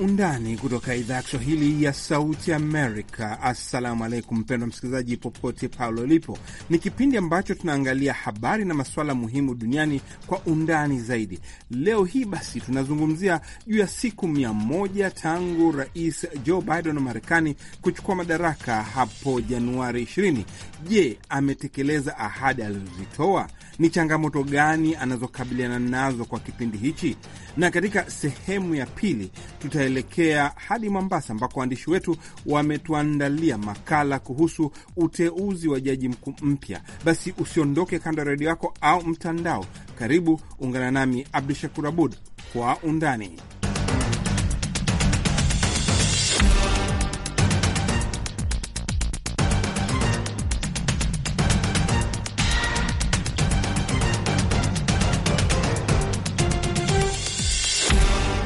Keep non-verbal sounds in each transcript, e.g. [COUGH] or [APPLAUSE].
Undani kutoka idhaa ya Kiswahili ya Sauti Amerika. Assalamu alaikum, mpendwa msikilizaji popote pale ulipo. Ni kipindi ambacho tunaangalia habari na masuala muhimu duniani kwa undani zaidi. Leo hii basi tunazungumzia juu ya siku mia moja tangu Rais Joe Biden wa Marekani kuchukua madaraka hapo Januari 20. Je, ametekeleza ahadi alizozitoa? ni changamoto gani anazokabiliana nazo kwa kipindi hichi, na katika sehemu ya pili tutaelekea hadi Mombasa ambako waandishi wetu wametuandalia makala kuhusu uteuzi wa jaji mkuu mpya. Basi usiondoke kando ya redio yako au mtandao. Karibu ungana nami Abdu Shakur Abud kwa undani.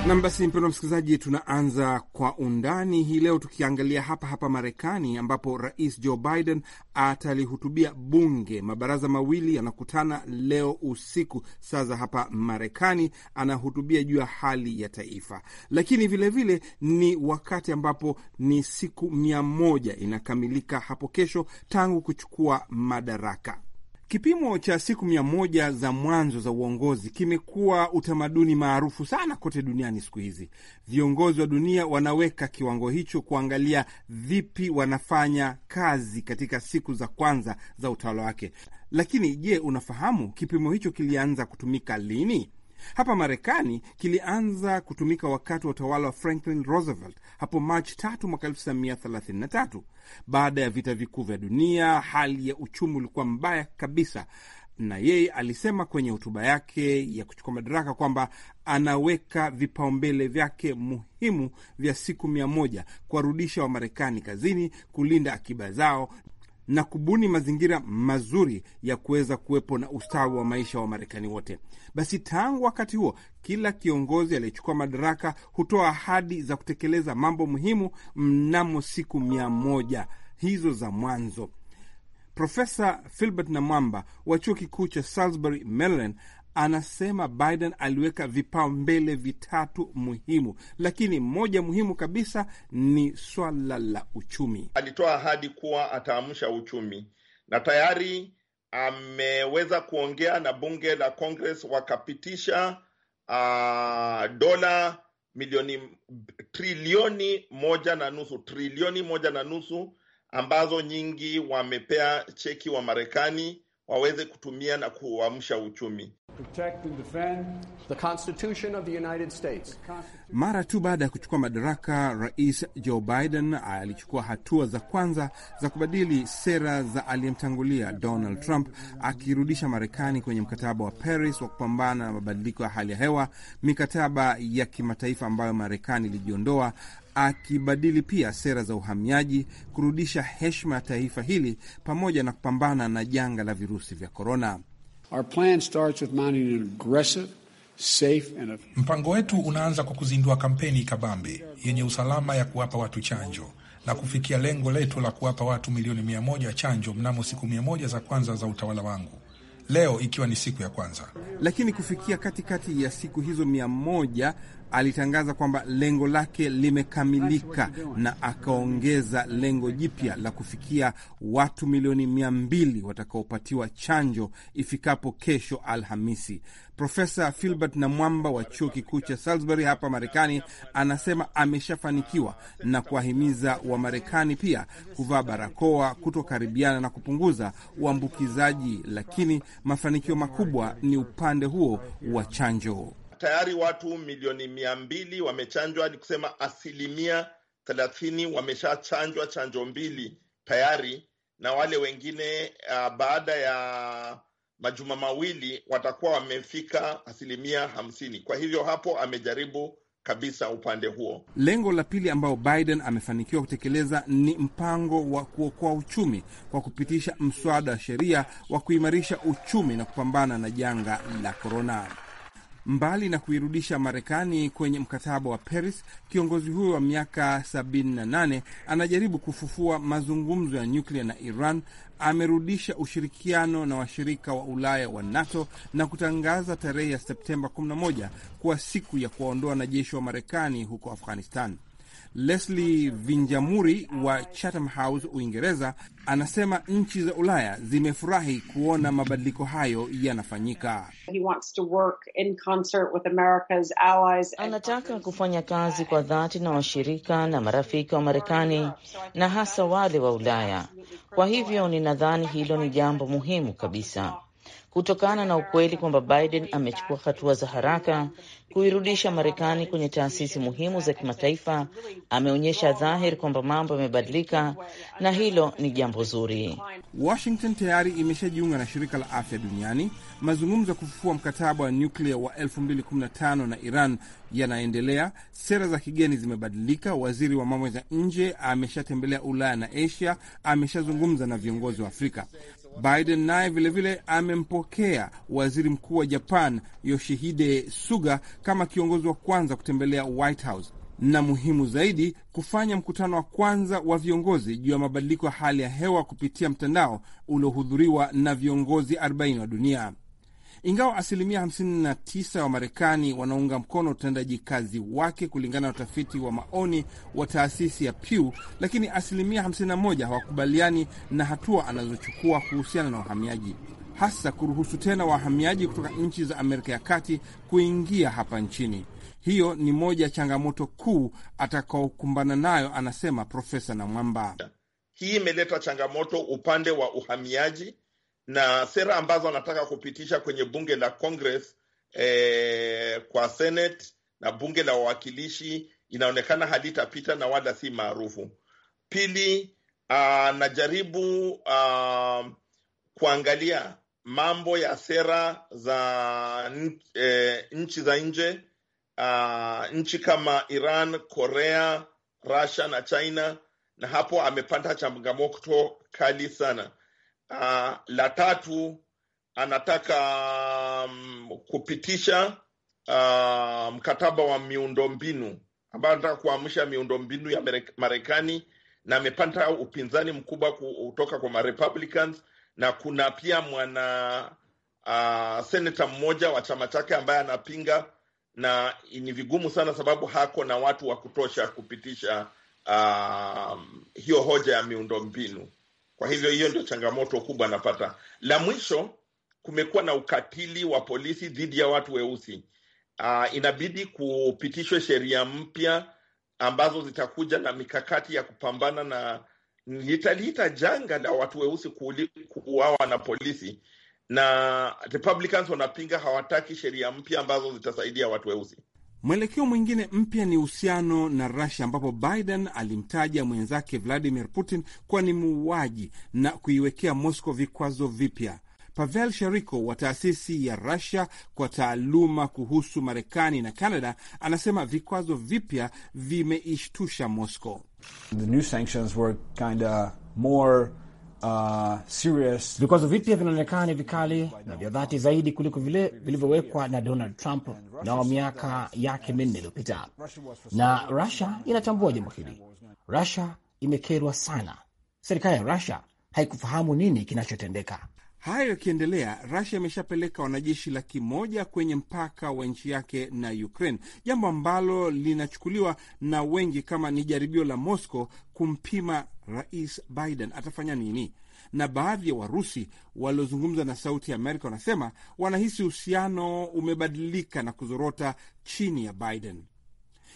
Nam, basi mpendwa msikilizaji, tunaanza kwa undani hii leo tukiangalia hapa hapa Marekani, ambapo Rais Joe Biden atalihutubia bunge. Mabaraza mawili yanakutana leo usiku saa za hapa Marekani, anahutubia juu ya hali ya taifa, lakini vilevile vile ni wakati ambapo ni siku mia moja inakamilika hapo kesho tangu kuchukua madaraka Kipimo cha siku mia moja za mwanzo za uongozi kimekuwa utamaduni maarufu sana kote duniani siku hizi. Viongozi wa dunia wanaweka kiwango hicho kuangalia vipi wanafanya kazi katika siku za kwanza za utawala wake. Lakini je, unafahamu kipimo hicho kilianza kutumika lini? hapa Marekani kilianza kutumika wakati wa utawala wa Franklin Roosevelt hapo Machi 3 mwaka 1933. Baada ya vita vikuu vya dunia, hali ya uchumi ulikuwa mbaya kabisa, na yeye alisema kwenye hotuba yake ya kuchukua madaraka kwamba anaweka vipaumbele vyake muhimu vya siku mia moja kuwarudisha Wamarekani kazini, kulinda akiba zao na kubuni mazingira mazuri ya kuweza kuwepo na ustawi wa maisha wa Marekani wote. Basi tangu wakati huo, kila kiongozi aliyechukua madaraka hutoa ahadi za kutekeleza mambo muhimu mnamo siku mia moja hizo za mwanzo. Profesa Filbert Namwamba wa chuo kikuu cha Salisbury, Maryland anasema Biden aliweka vipaumbele vitatu muhimu, lakini moja muhimu kabisa ni swala la uchumi. Alitoa ahadi kuwa ataamsha uchumi na tayari ameweza kuongea na bunge la Congress wakapitisha uh, dola milioni trilioni moja na nusu trilioni moja na nusu ambazo nyingi wamepea cheki wa Marekani waweze kutumia na kuamsha uchumi. The Constitution of the United States. Mara tu baada ya kuchukua madaraka, Rais Joe Biden alichukua hatua za kwanza za kubadili sera za aliyemtangulia Donald Trump, akirudisha Marekani kwenye mkataba wa Paris wa kupambana na mabadiliko ya hali ya hewa, mikataba ya kimataifa ambayo Marekani ilijiondoa akibadili pia sera za uhamiaji, kurudisha heshima ya taifa hili pamoja na kupambana na janga la virusi vya korona. Mpango wetu unaanza kwa kuzindua kampeni kabambe yenye usalama ya kuwapa watu chanjo na kufikia lengo letu la kuwapa watu milioni mia moja chanjo mnamo siku mia moja za kwanza za utawala wangu, leo ikiwa ni siku ya kwanza. Lakini kufikia katikati ya siku hizo mia moja alitangaza kwamba lengo lake limekamilika na akaongeza lengo jipya la kufikia watu milioni mia mbili watakaopatiwa chanjo ifikapo kesho Alhamisi. Profesa Filbert Namwamba wa chuo kikuu cha Salisbury hapa Marekani anasema ameshafanikiwa na kuwahimiza Wamarekani pia kuvaa barakoa, kutokaribiana na kupunguza uambukizaji, lakini mafanikio makubwa ni upande huo wa chanjo tayari watu milioni mia mbili wamechanjwa, ni kusema asilimia thelathini wameshachanjwa chanjo mbili tayari, na wale wengine uh, baada ya majuma mawili watakuwa wamefika asilimia hamsini. Kwa hivyo hapo amejaribu kabisa upande huo. Lengo la pili ambayo Biden amefanikiwa kutekeleza ni mpango wa kuokoa uchumi kwa kupitisha mswada wa sheria wa kuimarisha uchumi na kupambana na janga la korona. Mbali na kuirudisha Marekani kwenye mkataba wa Paris, kiongozi huyo wa miaka 78 anajaribu kufufua mazungumzo ya nyuklia na Iran. Amerudisha ushirikiano na washirika wa Ulaya wa NATO na kutangaza tarehe ya Septemba 11 kuwa siku ya kuwaondoa wanajeshi wa Marekani huko Afghanistan. Leslie Vinjamuri wa Chatham House, Uingereza, anasema nchi za Ulaya zimefurahi kuona mabadiliko hayo yanafanyika. Anataka kufanya kazi kwa dhati na washirika na marafiki wa Marekani na hasa wale wa Ulaya. Kwa hivyo ninadhani hilo ni jambo muhimu kabisa, kutokana na ukweli kwamba Biden amechukua hatua za haraka kuirudisha Marekani kwenye taasisi muhimu za kimataifa, ameonyesha dhahiri kwamba mambo yamebadilika na hilo ni jambo zuri. Washington tayari imeshajiunga na shirika la afya duniani. Mazungumzo ya kufufua mkataba wa nyuklia wa 2015 na Iran yanaendelea. Sera za kigeni zimebadilika. Waziri wa mambo ya nje ameshatembelea Ulaya na Asia, ameshazungumza na viongozi wa Afrika. Biden naye vilevile amempokea waziri mkuu wa Japan Yoshihide Suga kama kiongozi wa kwanza kutembelea White House na muhimu zaidi kufanya mkutano wa kwanza wa viongozi juu ya mabadiliko ya hali ya hewa kupitia mtandao uliohudhuriwa na viongozi 40 wa dunia. Ingawa asilimia 59 wa Marekani wanaunga mkono utendaji kazi wake kulingana na utafiti wa maoni wa taasisi ya Pew, lakini asilimia 51 hawakubaliani na hatua anazochukua kuhusiana na uhamiaji hasa kuruhusu tena wahamiaji kutoka nchi za Amerika ya Kati kuingia hapa nchini. Hiyo ni moja ya changamoto kuu atakaokumbana nayo, anasema Profesa Namwamba. Hii imeleta changamoto upande wa uhamiaji na sera ambazo anataka kupitisha kwenye bunge la Congress, eh, kwa Senate na bunge la wawakilishi inaonekana halitapita na wala si maarufu. Pili, ah, anajaribu uh, kuangalia mambo ya sera za e, nchi za nje uh, nchi kama Iran, Korea, Russia na China, na hapo amepata changamoto kali sana. Uh, la tatu anataka um, kupitisha uh, mkataba wa miundombinu ambayo anataka kuamsha miundombinu ya Marekani, na amepata upinzani mkubwa kutoka kwa Republicans na kuna pia mwana uh, seneta mmoja wa chama chake ambaye anapinga, na ni vigumu sana sababu hako na watu wa kutosha kupitisha uh, hiyo hoja ya miundombinu. Kwa hivyo hiyo ndio changamoto kubwa anapata. La mwisho, kumekuwa na ukatili wa polisi dhidi ya watu weusi. Uh, inabidi kupitishwe sheria mpya ambazo zitakuja na mikakati ya kupambana na nitaliita janga la watu weusi kuuawa na polisi, na Republicans wanapinga, hawataki sheria mpya ambazo zitasaidia watu weusi. Mwelekeo mwingine mpya ni uhusiano na Russia ambapo Biden alimtaja mwenzake Vladimir Putin kuwa ni muuaji na kuiwekea Moscow vikwazo vipya. Pavel shariko wa taasisi ya Russia kwa taaluma kuhusu Marekani na Canada anasema vikwazo vipya vimeishtusha Moscow. The new sanctions were kind of more Uh, serious. Vikwazo vipya vinaonekana ni vikali na vya dhati zaidi kuliko vile vilivyowekwa na Donald Trump nao miaka yake minne iliyopita, na Russia inatambua jambo hili. Russia imekerwa sana. Serikali ya Russia haikufahamu nini kinachotendeka. Hayo yakiendelea, Rasia imeshapeleka wanajeshi laki moja kwenye mpaka wa nchi yake na Ukraine, jambo ambalo linachukuliwa na wengi kama ni jaribio la Moscow kumpima Rais Biden atafanya nini. Na baadhi ya Warusi waliozungumza na Sauti ya Amerika wanasema wanahisi uhusiano umebadilika na kuzorota chini ya Biden.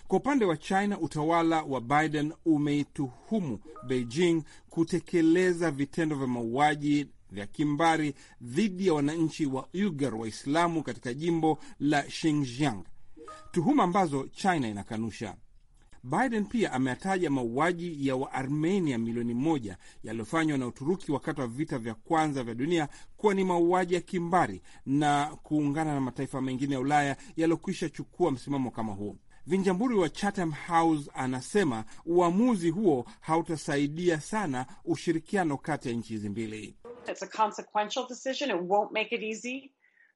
Kwa upande wa China, utawala wa Biden umeituhumu Beijing kutekeleza vitendo vya mauaji vya kimbari dhidi ya wananchi wa Uighur Waislamu katika jimbo la Xinjiang, tuhuma ambazo China inakanusha. Biden pia ameataja mauaji ya Waarmenia milioni moja yaliyofanywa na Uturuki wakati wa vita vya kwanza vya dunia kuwa ni mauaji ya kimbari na kuungana na mataifa mengine ya Ulaya yaliyokwisha chukua msimamo kama huo. Vinjamburi wa Chatham House anasema uamuzi huo hautasaidia sana ushirikiano kati ya nchi hizi mbili. It's a consequential decision. It won't make it easy.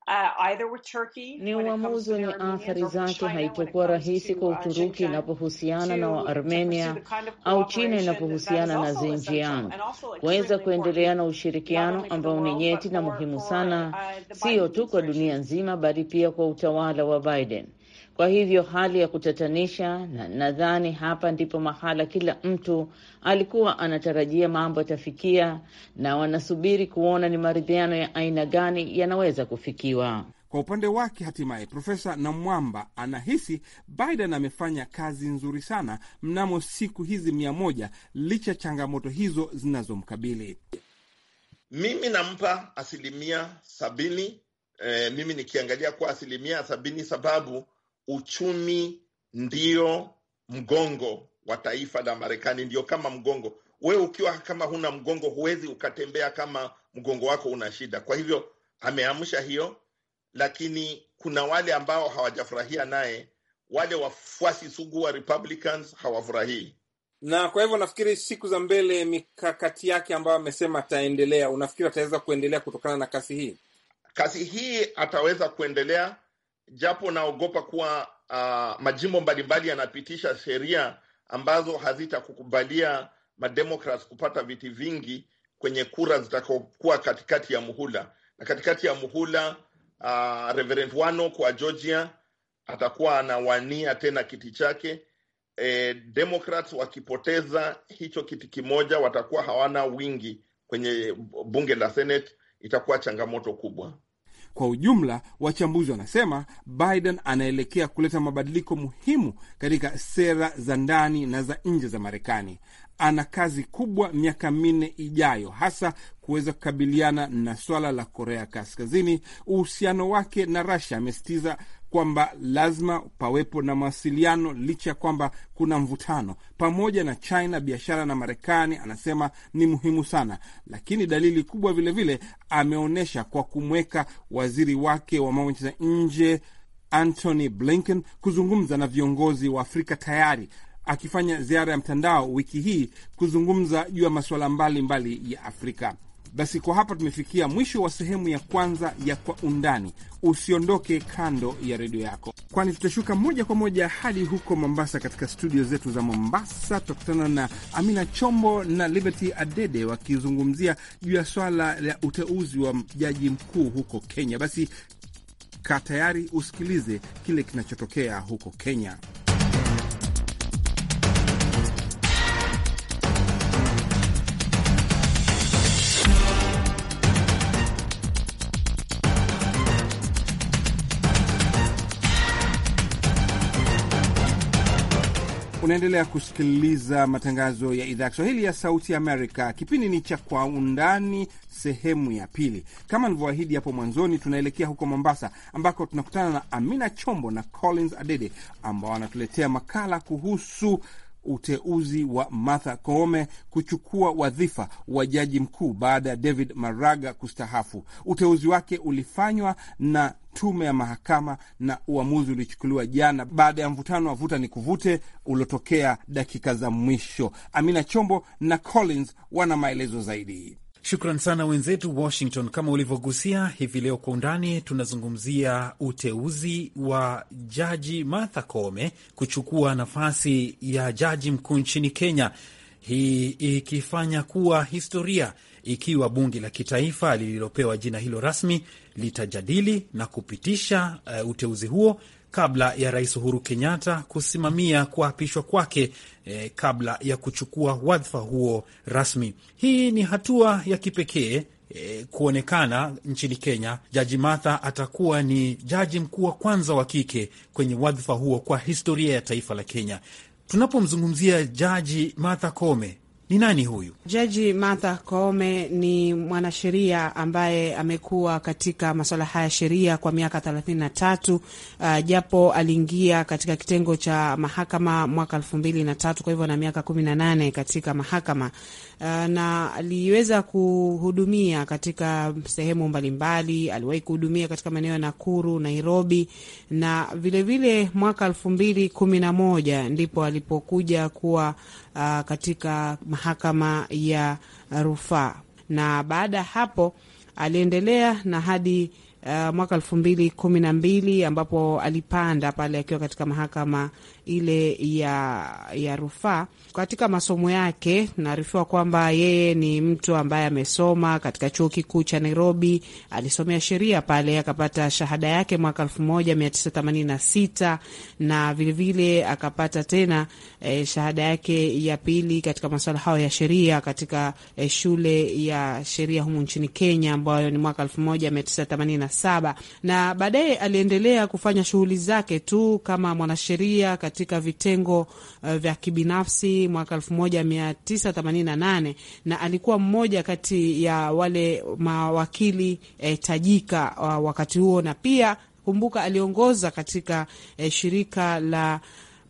Uh, ni uamuzi wenye athari zake. Haitakuwa rahisi kwa uh, Uturuki inapohusiana na Waarmenia au China inapohusiana na Xinjiang kuweza kuendelea na ushirikiano ambao ni nyeti na muhimu sana, uh, siyo tu kwa dunia nzima, bali pia kwa utawala wa Biden. Kwa hivyo hali ya kutatanisha, na nadhani hapa ndipo mahala kila mtu alikuwa anatarajia mambo yatafikia, na wanasubiri kuona ni maridhiano ya aina gani yanaweza kufikiwa. Kwa upande wake, hatimaye Profesa Namwamba anahisi Biden amefanya kazi nzuri sana mnamo siku hizi mia moja licha changamoto hizo zinazomkabili. Mimi nampa asilimia sabini. E, mimi nikiangalia kwa asilimia sabini sababu uchumi ndio mgongo wa taifa la Marekani, ndio kama mgongo. Wewe ukiwa kama huna mgongo, huwezi ukatembea kama mgongo wako una shida. Kwa hivyo ameamsha hiyo, lakini kuna wale ambao hawajafurahia naye, wale wafuasi sugu wa Republicans hawafurahii na kwa hivyo nafikiri siku za mbele mikakati yake ambayo amesema ataendelea, unafikiri ataweza kuendelea kutokana na kasi hii? Kasi hii ataweza kuendelea, japo naogopa kuwa uh, majimbo mbalimbali yanapitisha sheria ambazo hazitakukubalia mademokrat kupata viti vingi kwenye kura zitakokuwa katikati ya muhula. Na katikati ya muhula uh, Reverend Wano kwa Georgia atakuwa anawania tena kiti chake. E, demokrat wakipoteza hicho kiti kimoja watakuwa hawana wingi kwenye bunge la Senate, itakuwa changamoto kubwa. Kwa ujumla, wachambuzi wanasema Biden anaelekea kuleta mabadiliko muhimu katika sera za ndani na za nje za Marekani. Ana kazi kubwa miaka minne ijayo, hasa kuweza kukabiliana na swala la Korea Kaskazini, uhusiano wake na rasia Amesitiza kwamba lazima pawepo na mawasiliano licha ya kwamba kuna mvutano pamoja na China biashara na Marekani, anasema ni muhimu sana, lakini dalili kubwa vilevile ameonyesha kwa kumweka waziri wake wa mambo ya nje Antony Blinken kuzungumza na viongozi wa Afrika tayari akifanya ziara ya mtandao wiki hii kuzungumza juu ya masuala mbalimbali ya Afrika. Basi kwa hapa tumefikia mwisho wa sehemu ya kwanza ya Kwa Undani. Usiondoke kando ya redio yako, kwani tutashuka moja kwa moja hadi huko Mombasa, katika studio zetu za Mombasa. Tutakutana na Amina Chombo na Liberty Adede wakizungumzia juu ya swala la uteuzi wa jaji mkuu huko Kenya. Basi kaa tayari usikilize kile kinachotokea huko Kenya. Unaendelea kusikiliza matangazo ya idhaa ya Kiswahili ya Sauti Amerika. Kipindi ni cha Kwa Undani, sehemu ya pili. Kama nilivyoahidi hapo mwanzoni, tunaelekea huko Mombasa ambako tunakutana na Amina Chombo na Collins Adede ambao wanatuletea makala kuhusu uteuzi wa Martha Koome kuchukua wadhifa wa jaji mkuu baada ya David Maraga kustahafu. Uteuzi wake ulifanywa na tume ya mahakama na uamuzi ulichukuliwa jana baada ya mvutano wa vuta ni kuvute uliotokea dakika za mwisho. Amina Chombo na Collins wana maelezo zaidi. Shukran sana wenzetu Washington. Kama ulivyogusia hivi leo, kwa undani tunazungumzia uteuzi wa jaji Martha Koome kuchukua nafasi ya jaji mkuu nchini Kenya, hii ikifanya kuwa historia ikiwa bunge la kitaifa lililopewa jina hilo rasmi litajadili na kupitisha uh, uteuzi huo kabla ya Rais Uhuru Kenyatta kusimamia kuapishwa kwake eh, kabla ya kuchukua wadhifa huo rasmi. Hii ni hatua ya kipekee eh, kuonekana nchini Kenya. Jaji Martha atakuwa ni jaji mkuu wa kwanza wa kike kwenye wadhifa huo kwa historia ya taifa la Kenya. Tunapomzungumzia Jaji Martha Koome ni nani huyu? Jaji Martha Koome ni mwanasheria ambaye amekuwa katika masuala haya ya sheria kwa miaka thelathini na tatu. Uh, japo aliingia katika kitengo cha mahakama mwaka elfu mbili na tatu, kwa hivyo na miaka kumi na nane katika mahakama uh, na aliweza kuhudumia katika sehemu mbalimbali. Aliwahi kuhudumia katika maeneo ya Nakuru, Nairobi na vilevile vile mwaka elfu mbili kumi na moja ndipo alipokuja kuwa uh, katika mahakama ya rufaa, na baada ya hapo aliendelea na hadi uh, mwaka elfu mbili kumi na mbili ambapo alipanda pale akiwa katika mahakama ile ya, ya rufaa katika masomo yake. Naarifiwa kwamba yeye ni mtu ambaye amesoma katika chuo kikuu cha Nairobi, alisomea sheria pale, akapata shahada yake mwaka 1986 na vilevile akapata tena eh, shahada yake ya pili katika masuala hayo ya sheria katika eh, shule ya sheria humu nchini Kenya ambayo ni mwaka 1987 na baadaye aliendelea kufanya shughuli zake tu kama mwanasheria katika vitengo uh, vya kibinafsi mwaka 1988 na alikuwa mmoja kati ya wale mawakili eh, tajika uh, wakati huo na pia kumbuka aliongoza katika eh, shirika la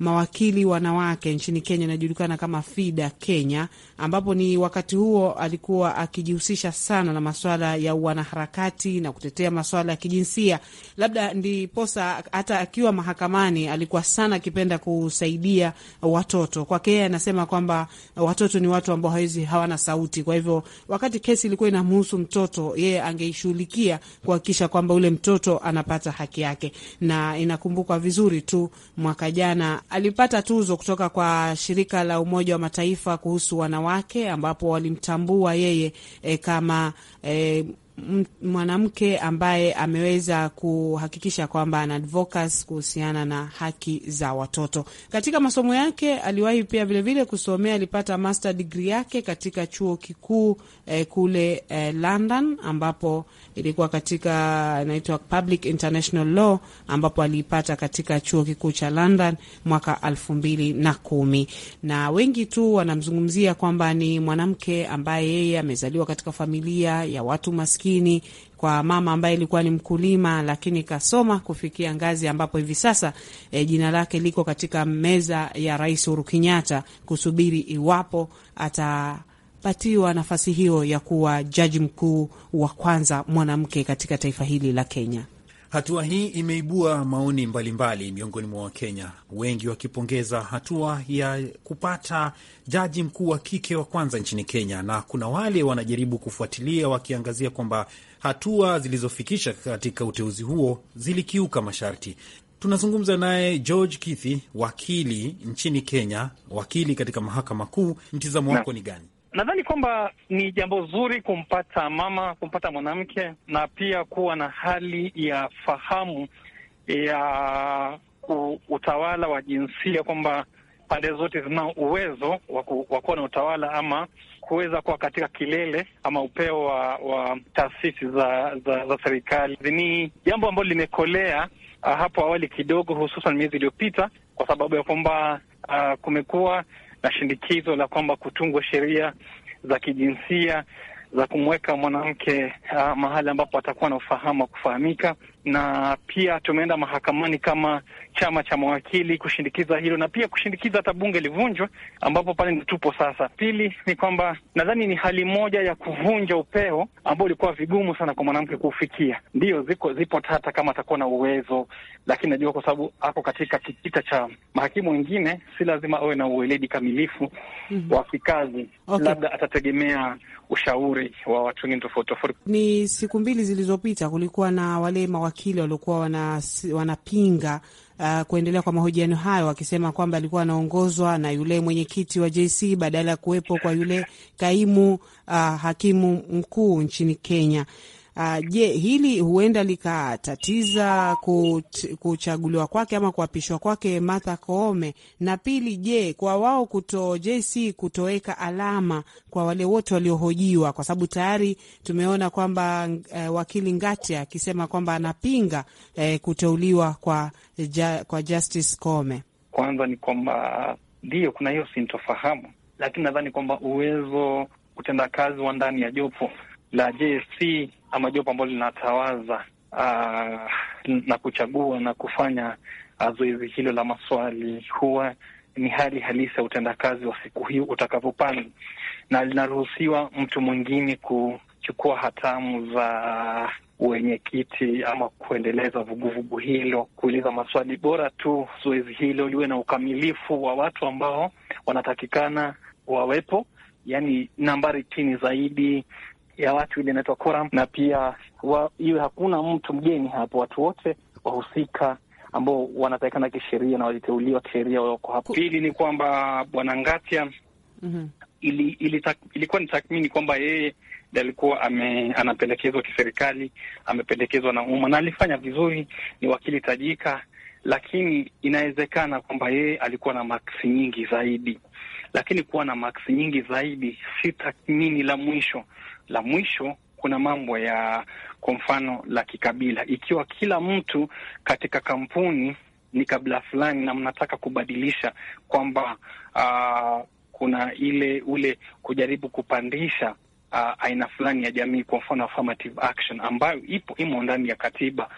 mawakili wanawake nchini Kenya inajulikana kama FIDA Kenya, ambapo ni wakati huo alikuwa akijihusisha sana na maswala ya wanaharakati na kutetea maswala ya kijinsia. Labda ndiposa hata akiwa mahakamani alikuwa sana akipenda kusaidia watoto. Kwake yeye anasema kwamba watoto ni watu ambao hawezi, hawana sauti. Kwa hivyo wakati kesi ilikuwa inamhusu mtoto, yeye angeishughulikia kuhakikisha kwamba ule mtoto anapata haki yake, na inakumbukwa vizuri tu mwaka jana Alipata tuzo kutoka kwa shirika la Umoja wa Mataifa kuhusu wanawake ambapo walimtambua yeye e, kama e, mwanamke ambaye ameweza kuhakikisha kwamba ana advocacy kuhusiana na haki za watoto. Katika masomo yake aliwahi pia vilevile vile kusomea, alipata master degree yake katika chuo kikuu eh, kule eh, London ambapo ilikuwa katika inaitwa Public International Law ambapo aliipata katika chuo kikuu cha London mwaka elfu mbili na kumi, na wengi tu wanamzungumzia kwamba ni mwanamke ambaye yeye amezaliwa katika familia ya watu maskini umaskini kwa mama ambaye ilikuwa ni mkulima lakini kasoma kufikia ngazi ambapo hivi sasa e, jina lake liko katika meza ya Rais Uhuru Kenyatta kusubiri iwapo atapatiwa nafasi hiyo ya kuwa jaji mkuu wa kwanza mwanamke katika taifa hili la Kenya. Hatua hii imeibua maoni mbalimbali miongoni mwa Wakenya, wengi wakipongeza hatua ya kupata jaji mkuu wa kike wa kwanza nchini Kenya, na kuna wale wanajaribu kufuatilia wakiangazia kwamba hatua zilizofikisha katika uteuzi huo zilikiuka masharti. Tunazungumza naye George Kithi, wakili nchini Kenya, wakili katika mahakama kuu. Mtizamo wako ni gani? Nadhani kwamba ni jambo zuri kumpata mama, kumpata mwanamke na pia kuwa na hali ya fahamu ya utawala wa jinsia, kwamba pande zote zina uwezo wa kuwa na utawala ama kuweza kuwa katika kilele ama upeo wa, wa taasisi za, za, za serikali. Ni jambo ambalo limekolea ah, hapo awali kidogo, hususan miezi iliyopita, kwa sababu ya kwamba ah, kumekuwa na shinikizo la kwamba kutungwa sheria za kijinsia za kumweka mwanamke uh, mahali ambapo atakuwa na ufahamu wa kufahamika na pia tumeenda mahakamani kama chama cha mawakili kushindikiza hilo na pia kushindikiza hata bunge livunjwe, ambapo pale ndio tupo sasa. Pili ni kwamba nadhani ni hali moja ya kuvunja upeo ambao ulikuwa vigumu sana kwa mwanamke kuufikia. ndio ziko zipo tata kama atakuwa na uwezo, lakini najua kwa sababu ako katika kikita cha mahakimu wengine, si lazima awe na uweledi kamilifu mm -hmm. wa kikazi okay. Labda atategemea ushauri wa watu wengine tofauti tofauti. Ni siku mbili zilizopita kulikuwa na wale mawakili waliokuwa wana, wanapinga uh, kuendelea kwa mahojiano hayo wakisema kwamba alikuwa anaongozwa na yule mwenyekiti wa JC badala ya kuwepo kwa yule kaimu uh, hakimu mkuu nchini Kenya. Uh, je, hili huenda likatatiza kuchaguliwa kwake ama kuapishwa kwake Martha Koome? Na pili, je, kwa wao kuto JC kutoweka alama kwa wale wote waliohojiwa, kwa sababu tayari tumeona kwamba uh, wakili ngati akisema kwamba anapinga uh, kuteuliwa kwa, ja, kwa Justice Koome. Kwanza ni kwamba ndiyo kuna hiyo sintofahamu, lakini nadhani kwamba uwezo utenda kazi wa ndani ya jopo la JSC ama jopo ambalo linatawaza uh, na kuchagua na kufanya uh, zoezi hilo la maswali huwa ni hali halisi ya utendakazi wa siku hii utakavyopanga, na linaruhusiwa mtu mwingine kuchukua hatamu za wenyekiti ama kuendeleza vuguvugu hilo, kuuliza maswali, bora tu zoezi hilo liwe na ukamilifu wa watu ambao wanatakikana wawepo, yani nambari chini zaidi ya watu ile inaitwa koram, na pia wa, iwe hakuna mtu mgeni hapo, watu wote wahusika ambao wanatakikana kisheria na waliteuliwa kisheria wako hapo. Pili ni kwamba bwana Ngatia mm -hmm. ili, ili, ilikuwa ni tathmini kwamba yeye alikuwa anapendekezwa kiserikali, amependekezwa na umma na alifanya vizuri, ni wakili tajika, lakini inawezekana kwamba yeye alikuwa na maksi nyingi zaidi, lakini kuwa na maksi nyingi zaidi si tathmini la mwisho la mwisho kuna mambo ya kwa mfano la kikabila. Ikiwa kila mtu katika kampuni ni kabila fulani na mnataka kubadilisha kwamba uh, kuna ile ule kujaribu kupandisha uh, aina fulani ya jamii, kwa mfano affirmative action ambayo ipo imo ndani ya katiba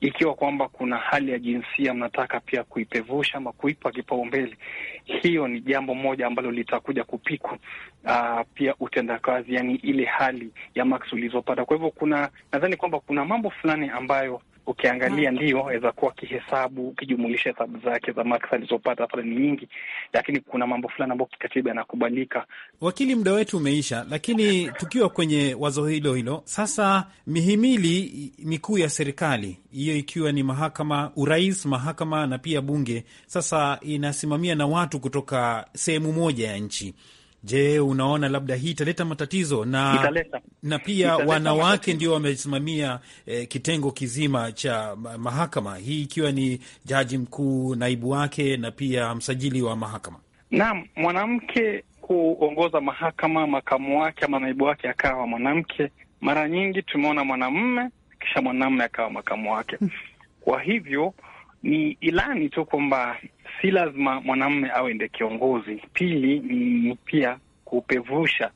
ikiwa kwamba kuna hali ya jinsia mnataka pia kuipevusha ama kuipa kipaumbele, hiyo ni jambo moja ambalo litakuja kupikwa uh, pia utendakazi, yani ile hali ya ulizopata. Kwa hivyo kuna nadhani kwamba kuna mambo fulani ambayo ukiangalia mm Ndio aweza kuwa kihesabu, ukijumulisha hesabu zake za ma alizopata pale ni nyingi, lakini kuna mambo fulani ambayo kikatiba yanakubalika. Wakili, muda wetu umeisha, lakini tukiwa kwenye wazo hilo hilo sasa, mihimili mikuu ya serikali hiyo ikiwa ni mahakama, urais, mahakama na pia bunge, sasa inasimamia na watu kutoka sehemu moja ya nchi Je, unaona labda hii italeta matatizo na italeta, na pia italeta wanawake ndio wamesimamia eh, kitengo kizima cha mahakama hii ikiwa ni jaji mkuu, naibu wake na pia msajili wa mahakama. Naam, mwanamke kuongoza mahakama, makamu wake ama naibu wake akawa mwanamke. Mara nyingi tumeona mwanamme kisha mwanamme akawa makamu wake. [LAUGHS] Kwa hivyo ni ilani tu kwamba si lazima mwanamume awe ndiye kiongozi. Pili ni pia kupevusha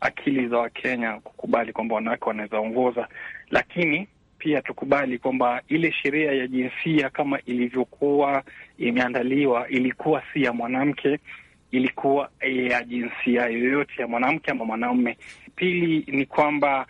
akili za Wakenya kukubali kwamba wanawake wanaweza ongoza, lakini pia tukubali kwamba ile sheria ya jinsia kama ilivyokuwa imeandaliwa ilikuwa si ya mwanamke, ilikuwa eh, ya jinsia yoyote ya mwanamke ama mwanaume Pili ni kwamba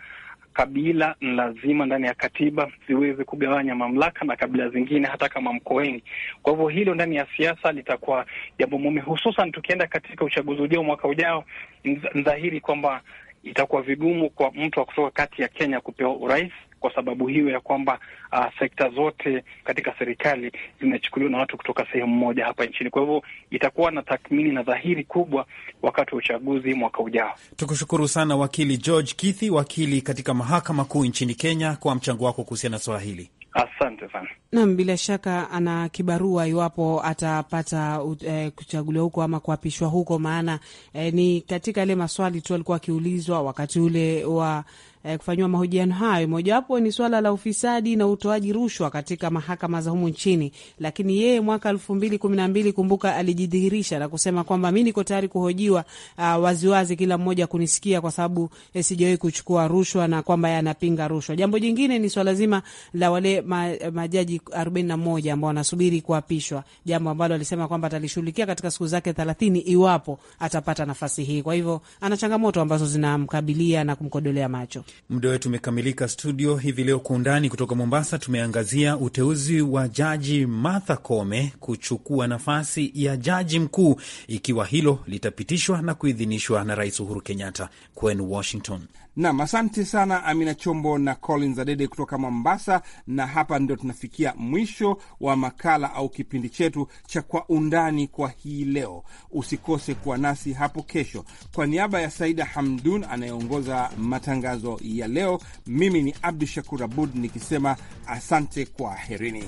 kabila ni lazima ndani ya katiba ziweze kugawanya mamlaka na kabila zingine, hata kama mko wengi. Kwa hivyo hilo ndani ya siasa litakuwa jambo mume, hususan tukienda katika uchaguzi ujao mwaka ujao. Ni dhahiri kwamba itakuwa vigumu kwa mtu wa kutoka kati ya Kenya kupewa urais kwa sababu hiyo ya kwamba uh, sekta zote katika serikali zinachukuliwa na watu kutoka sehemu moja hapa nchini. Kwa hivyo itakuwa na tathmini na dhahiri kubwa wakati wa uchaguzi mwaka ujao. Tukushukuru sana wakili George Kithi, wakili katika mahakama kuu nchini Kenya, kwa mchango wako kuhusiana na swala hili. Asante sana. Naam, bila shaka ana kibarua iwapo atapata e, kuchaguliwa huko ama kuapishwa huko, maana e, ni katika yale maswali tu alikuwa akiulizwa wakati ule wa eh, kufanyiwa mahojiano hayo. Mojawapo ni swala la ufisadi na utoaji rushwa katika mahakama za humu nchini, lakini yeye mwaka elfu mbili kumi na mbili kumbuka, alijidhihirisha na kusema kwamba mi niko tayari kuhojiwa uh, waziwazi, kila mmoja kunisikia, kwa sababu eh, sijawahi kuchukua rushwa na kwamba yeye anapinga rushwa. Jambo jingine ni swala zima la wale ma, majaji arobaini na moja ambao wanasubiri kuapishwa, jambo ambalo alisema kwamba atalishughulikia katika siku zake thelathini iwapo atapata nafasi hii. Kwa hivyo ana changamoto ambazo zinamkabilia na kumkodolea macho. Muda wetu umekamilika studio hivi leo. Kwa undani kutoka Mombasa, tumeangazia uteuzi wa Jaji Martha Koome kuchukua nafasi ya jaji mkuu, ikiwa hilo litapitishwa na kuidhinishwa na Rais Uhuru Kenyatta. Kwenu Washington. Nam, asante sana Amina Chombo na Collins Adede kutoka Mombasa. Na hapa ndio tunafikia mwisho wa makala au kipindi chetu cha Kwa Undani kwa hii leo. Usikose kuwa nasi hapo kesho. Kwa niaba ya Saida Hamdun anayeongoza matangazo ya leo, mimi ni Abdu Shakur Abud nikisema asante, kwa herini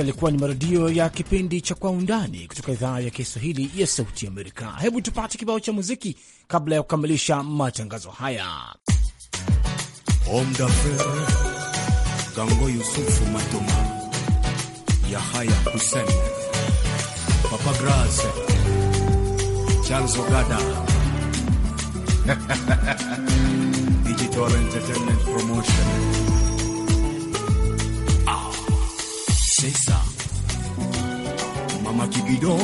yalikuwa ni marudio ya kipindi cha Kwa Undani kutoka idhaa ya Kiswahili ya Sauti Amerika. Hebu tupate kibao cha muziki kabla ya kukamilisha matangazo haya. Omda Gango, Yusufu Matoma, Yahaya Hussein, Papa Grace, Charles Ogada [LAUGHS] Digital Entertainment Promotion respiro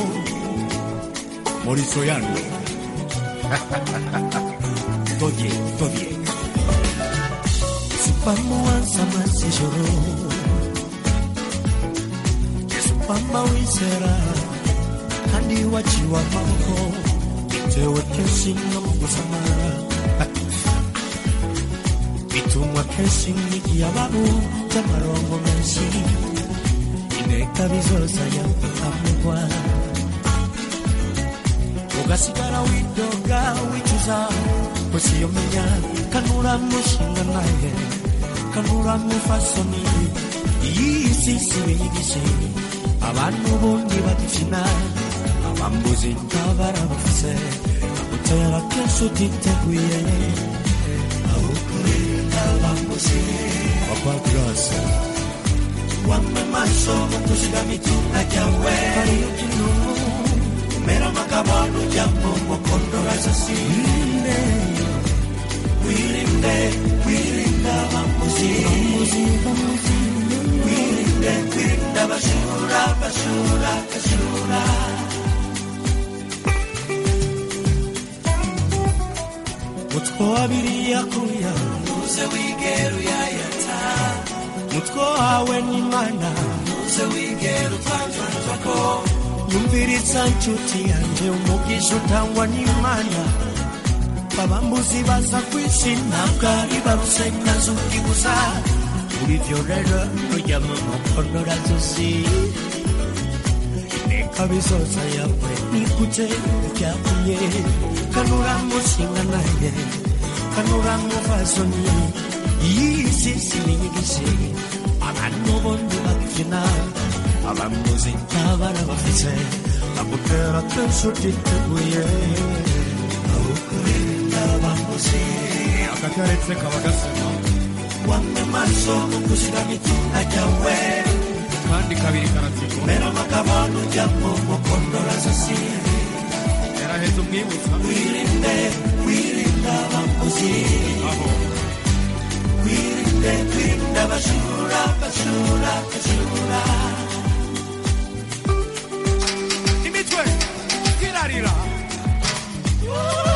morizoyando. [LAUGHS] todo bien, todo bien. Sepamos a amarse yo. Sepama wisera kandi wachiwa mako tewe kesi nomukusamara bitumwa [LAUGHS] kesi nikiyababu tamarongo menshi ekkabizoosaya akumugwa ogasigala widdoga wicuza wesiyomenya kanulamu shinga naye kanulamu fasoni siwe beyigiseni abantu bonni bakifina abambuzi ntabarabafuse utayalako ensuti tegwiye tusigamitu na jawe Bariyutinu Mera makabanu jambo mokondo rasasi Wirinde Wirinde Wirinda mamuzi Mamuzi mamuzi Wirinde Wirinda bashura bashura bashura Mutko abiri yakuya Uze wigeru yayata Mutko awe ni mana uze wigera utangira ko yumviriza inshuti yanjye umugisha utangwa n'imana babambuzi baza kwisi ntabwo ari baruse ntazubyibuza muri byo rero rujya mu mukono razuzi inteka bizoza yawe ni kuke byatumye kanura mushinga nanjye kanura mu fasoni we 세상이기시 아만 먹은 누박이나 Mirinde basura, basura, basura. Dimitri, get out of